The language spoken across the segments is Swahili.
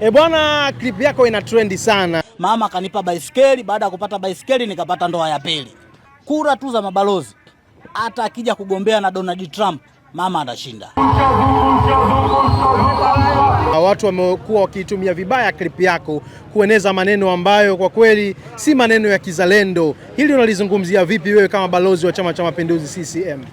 E bwana, clip yako ina trendi sana. Mama akanipa baisikeli, baada ya kupata baisikeli nikapata ndoa ya pili. Kura tu za mabalozi, hata akija kugombea na Donald Trump mama anashinda. Watu wamekuwa wakiitumia vibaya klipu yako kueneza maneno ambayo kwa kweli si maneno ya kizalendo. Hili unalizungumzia vipi wewe kama balozi wa Chama cha Mapinduzi CCM?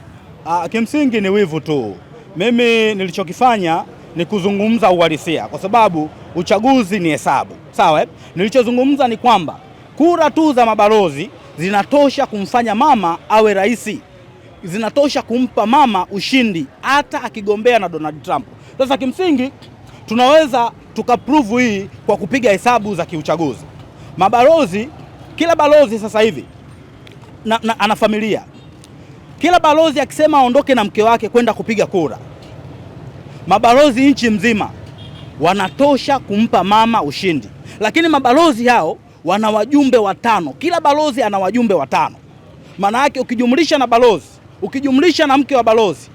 Ah, kimsingi ni wivu tu. Mimi nilichokifanya ni kuzungumza uhalisia, kwa sababu uchaguzi ni hesabu. Sawa eh? Nilichozungumza ni kwamba kura tu za mabalozi zinatosha kumfanya mama awe rais, zinatosha kumpa mama ushindi hata akigombea na Donald Trump. Sasa kimsingi tunaweza tukaprove hii kwa kupiga hesabu za kiuchaguzi. Mabalozi, kila balozi sasa hivi na, na, ana familia. Kila balozi akisema aondoke na mke wake kwenda kupiga kura Mabalozi nchi mzima wanatosha kumpa mama ushindi, lakini mabalozi hao wana wajumbe watano. Kila balozi ana wajumbe watano, maana yake ukijumlisha na balozi, ukijumlisha na mke wa balozi,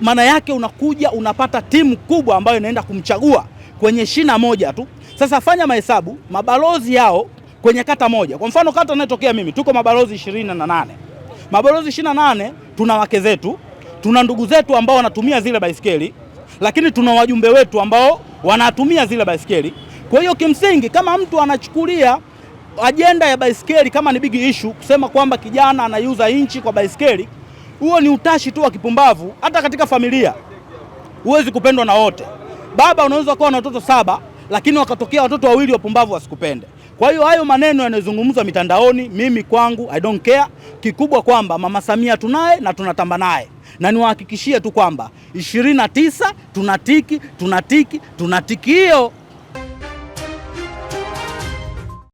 maana yake unakuja unapata timu kubwa ambayo inaenda kumchagua kwenye shina moja tu. Sasa fanya mahesabu mabalozi hao kwenye kata moja. Kwa mfano kata inayotokea mimi tuko mabalozi ishirini na nane mabalozi ishirini na nane tuna wake zetu tuna ndugu zetu ambao wanatumia zile baisikeli, lakini tuna wajumbe wetu ambao wanatumia zile baisikeli. Kwa hiyo kimsingi, kama mtu anachukulia ajenda ya baisikeli kama ni big issue, kusema kwamba kijana anaiuza nchi kwa baisikeli, huo ni utashi tu wa kipumbavu. Hata katika familia huwezi kupendwa na wote. Baba unaweza kuwa na watoto saba, lakini wakatokea watoto wawili wapumbavu wasikupende. Kwa hiyo hayo maneno yanayozungumzwa mitandaoni, mimi kwangu I don't care, kikubwa kwamba Mama Samia tunaye na tunatamba naye, na niwahakikishie tu kwamba ishirini na tisa tunatiki tunatiki tunatiki hiyo